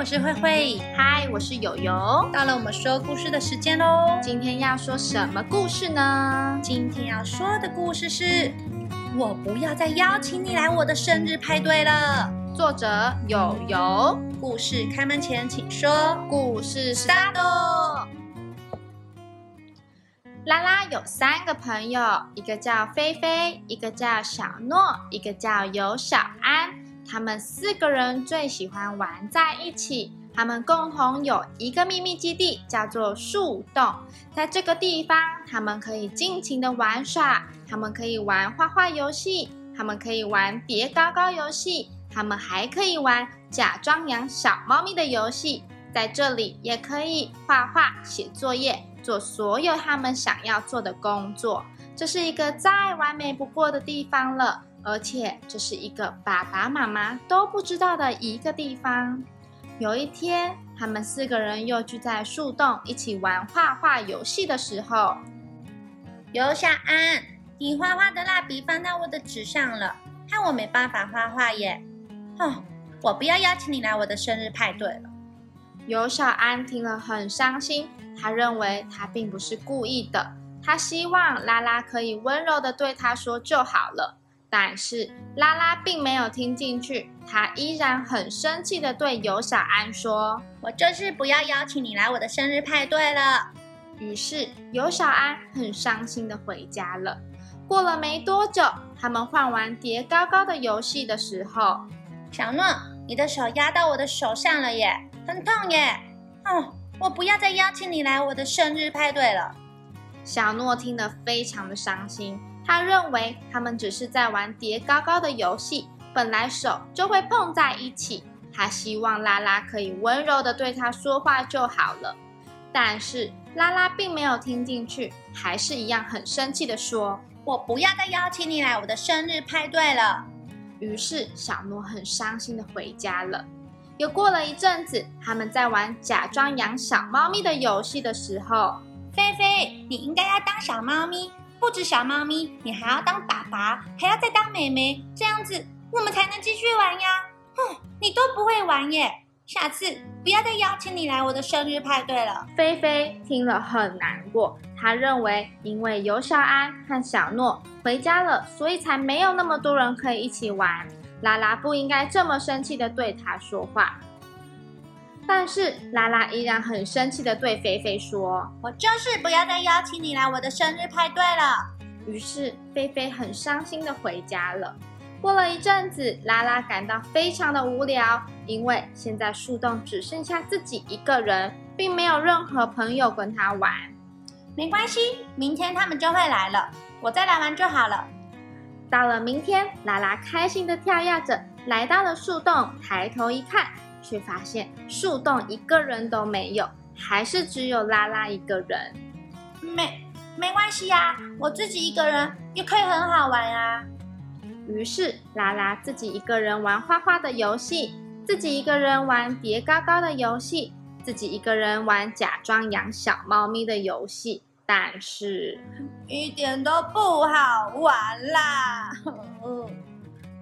我是慧慧，嗨，我是有油。到了我們說故事的時間嘍，今天要說什麼故事呢？今天要說的故事是：我不要再邀請你來我的生日派對了。作者：有油。故事開門前，請說，故事 Start！拉拉有三個朋友，一個叫菲菲，一個叫小諾，一個叫尤小安。他們四個人最喜歡玩在一起。他們共同有一個秘密基地，叫做樹洞。在這個地方，他們可以盡情的玩耍。他們可以玩畫畫遊戲，他們可以玩疊高高遊戲，他們還可以玩假裝養小貓咪的遊戲。在這裡，也可以畫畫、寫作業、做所有他們想要做的工作。這是一個再完美不過的地方了。而且這是一個爸爸媽媽都不知道的一個地方。有一天，他們四個人又聚在樹洞一起玩畫畫遊戲的時候，尤小安，你畫畫的蠟筆放到我的紙上了，害我沒辦法畫畫耶！哼、哦，我不要邀請你來我的生日派對了。尤小安聽了很傷心，他認為他並不是故意的，他希望拉拉可以溫柔的對他說就好了。但是拉拉並沒有聽進去，她依然很生氣地對尤小安說：“我就是不要邀請你來我的生日派對了。”於是尤小安很傷心地回家了。過了沒多久，他們換完疊高高的遊戲的時候，小諾，你的手壓到我的手上了耶，很痛耶。哦，我不要再邀請你來我的生日派對了。小諾聽得非常的傷心。他認為他們只是在玩疊高高的遊戲，本來手就會碰在一起。他希望拉拉可以溫柔的對他說話就好了，但是拉拉並沒有聽進去，還是一樣很生氣的說：“我不要再邀請你來我的生日派對了。”於是小諾很傷心的回家了。又過了一陣子，他們在玩假裝養小貓咪的遊戲的時候，菲菲，你應該要當小貓咪。不止小貓咪，你還要當爸爸，還要再當妹妹，這樣子我們才能繼續玩呀！哼，你都不會玩耶，下次不要再邀請你來我的生日派對了。菲菲聽了很難過，她認為因為有小安和小諾回家了，所以才沒有那麼多人可以一起玩。拉拉不應該這麼生氣的對她說話。但是拉拉依然很生氣地對菲菲說：“我就是不要再邀請你來我的生日派對了。”於是菲菲很傷心地回家了。過了一陣子，拉拉感到非常的無聊，因為現在樹洞只剩下自己一個人，並沒有任何朋友跟他玩。沒關係，明天他們就會來了，我再來玩就好了。到了明天，拉拉開心地跳躍着，來到了樹洞，抬頭一看。卻發現樹洞一個人都沒有，還是只有拉拉一個人。沒沒關係呀、啊，我自己一個人也可以很好玩呀、啊。於是拉拉自己一個人玩畫畫的遊戲，自己一個人玩疊高高的遊戲，自己一個人玩假裝養小貓咪的遊戲，但是一點都不好玩啦。 嗯、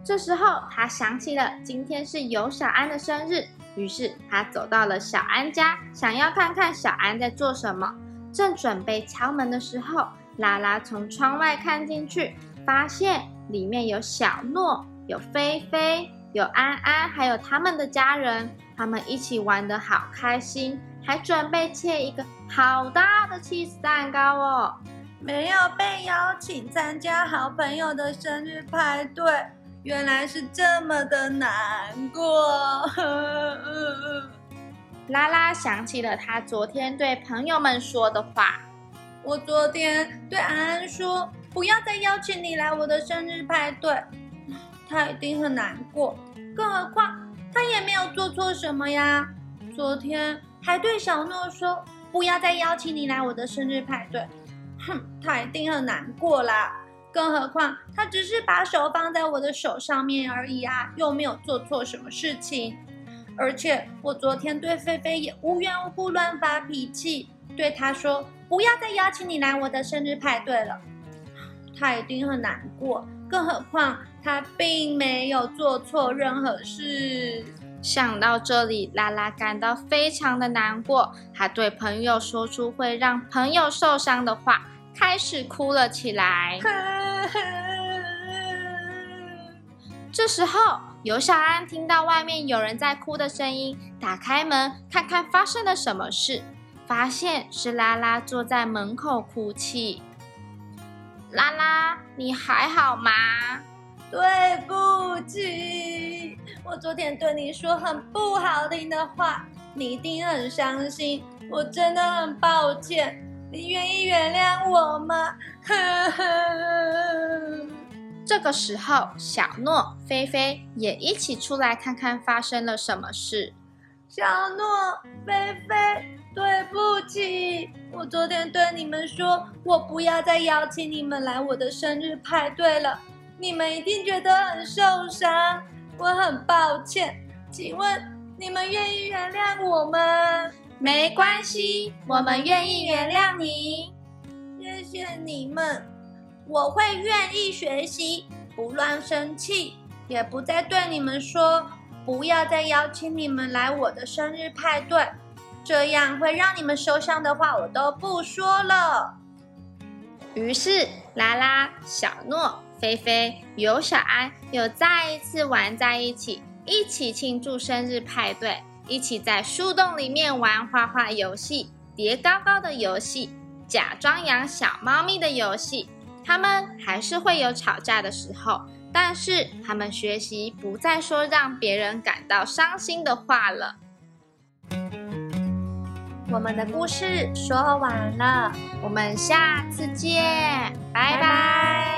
這時候他想起了今天是尤小安的生日。於是他走到了小安家，想要看看小安在做什麼。正準備敲門的時候，拉拉從窗外看進去，發現裡面有小諾、有菲菲、有安安，還有他們的家人。他們一起玩得好開心，還準備切一個好大的起司蛋糕哦。沒有被邀請參加好朋友的生日派對。原來是這麼的難過。 拉拉想起了他昨天對朋友們說的話：“我昨天對安安說，不要再邀請你來我的生日派對。”他一定很難過。更何況他也沒有做錯什麼呀。昨天還對小諾說，不要再邀請你來我的生日派對。哼，他一定很難過啦。更何況，他只是把手放在我的手上面而已啊，又沒有做錯什麼事情。而且我昨天對菲菲也無緣無故亂發脾氣，對她說不要再邀請你來我的生日派對了，她一定很難過。更何況她並沒有做錯任何事。想到這裡，拉拉感到非常的難過，還對朋友說出會讓朋友受傷的話。開始哭了起來。 這時候，尤小安聽到外面有人在哭的聲音，打開門看看發生了什麼事，發現是拉拉坐在門口哭泣。拉拉，你還好嗎？對不起，我昨天對你說很不好聽的話，你一定很傷心，我真的很抱歉。你願意原諒我嗎？ 這個時候，小諾、菲菲也一起出來看看發生了什麼事。小諾、菲菲，對不起，我昨天對你們說，我不要再邀請你們來我的生日派對了。你們一定覺得很受傷，我很抱歉。請問你們願意原諒我嗎？沒關係，我們願意原諒你。謝謝你們，我會願意學習，不亂生氣，也不再對你們說，不要再邀請你們來我的生日派對，這樣會讓你們受傷的話我都不說了。於是，拉拉、小諾、菲菲、尤小安又再一次玩在一起，一起慶祝生日派對。一起在樹洞裡面玩畫畫遊戲、疊高高的遊戲、假裝養小貓咪的遊戲，他們還是會有吵架的時候，但是他們學習不再說讓別人感到傷心的話了。我們的故事說完了，我們下次見，拜拜。拜拜。